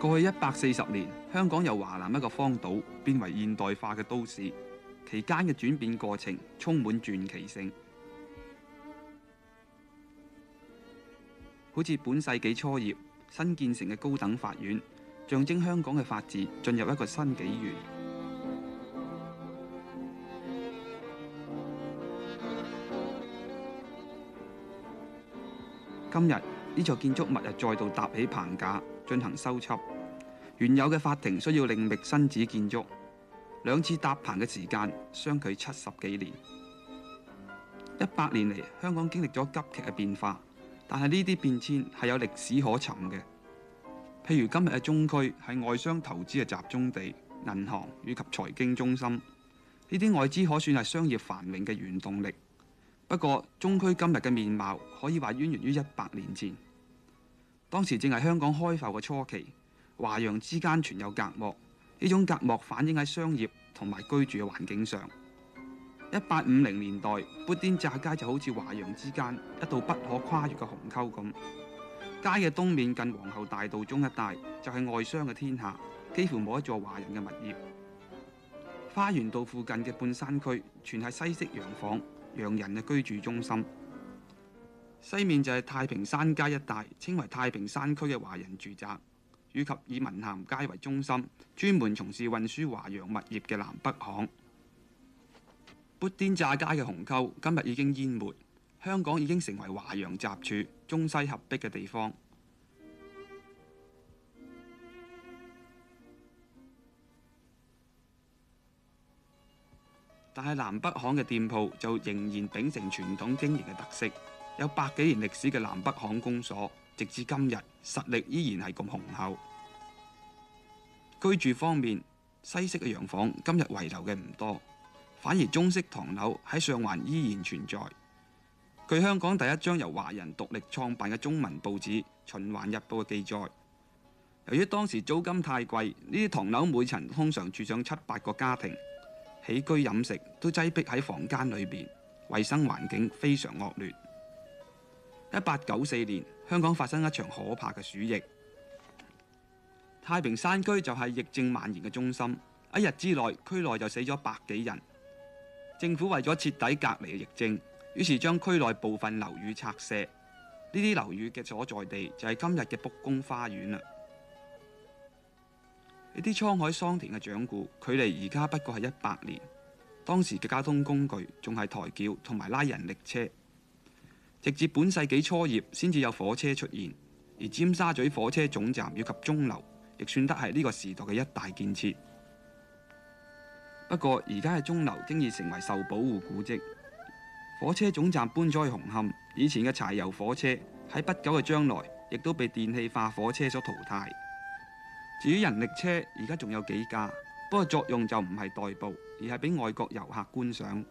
過去一百四十年，香港由華南一個荒島變為現代化嘅都市，期間嘅轉變過程充滿傳奇性。好似本世紀初葉新建成嘅高等法院，象徵香港嘅法治進入一個新紀元。今日呢座建築物又再度搭起棚架，進行修葺。原有嘅法庭需要另覓新址建築，兩次搭棚嘅時間相距七十幾年。一百年嚟，香港經歷咗急劇嘅變化，但係呢啲變遷係有歷史可尋嘅。譬如今日嘅中區係外商投資嘅集中地、銀行以及財經中心，呢啲外資可算係商業繁榮嘅原動力。不過，中區今日嘅面貌可以話淵源於一百年前，當時正係香港開埠嘅初期。華洋之間存有隔膜，呢種隔膜反映喺商業同埋居住嘅環境上。一八五零年代，砵甸乍街就好似華洋之間一道不可跨越嘅鴻溝咁。街嘅東面近皇后大道中一帶，就係外商嘅天下，幾乎冇一座華人嘅物業。花園道附近嘅半山區，全係西式洋房，洋人嘅居住中心。西面就係太平山街一帶，稱為太平山區嘅華人住宅。以及以文咸街為中心，專門從事運輸華洋物業嘅南北行。砵甸乍街嘅鴻溝今日已經淹沒，香港已經成為華洋雜處、中西合璧嘅地方。但係南北行嘅店鋪就仍然秉承傳統經營嘅特色，有百幾年歷史嘅南北行公所。直至今日，實力依然係咁雄厚。居住方面，西式嘅洋房今日遺留嘅唔多，反而中式唐樓喺上環依然存在。據香港第一張由華人獨立創辦嘅中文報紙《循環日報》嘅記載，由於當時租金太貴，呢啲唐樓每層通常住上七八個家庭，起居飲食都擠迫喺房間裏邊，衞生環境非常惡劣。一八九四年，香港發生一場可怕嘅鼠疫，太平山區就係疫症蔓延嘅中心。一日之內，區內就死咗百幾人。政府為咗徹底隔離疫症，於是將區內部分樓宇拆卸。呢啲樓宇嘅所在地就係今日嘅卜公花園啦。呢啲滄海桑田嘅掌故，距離而家不過係一百年。當時嘅交通工具仲係抬轎同埋拉人力車。直至本世紀初葉先至有火車出現，而尖沙咀火車總站以及鐘樓亦算得係呢個時代嘅一大建設。不過而家嘅鐘樓經已成為受保護古蹟，火車總站搬去紅磡，以前嘅柴油火車喺不久嘅將來亦都被電氣化火車所淘汰。至於人力車，而家仲有幾架，不過作用就唔係代步，而係俾外國遊客觀賞。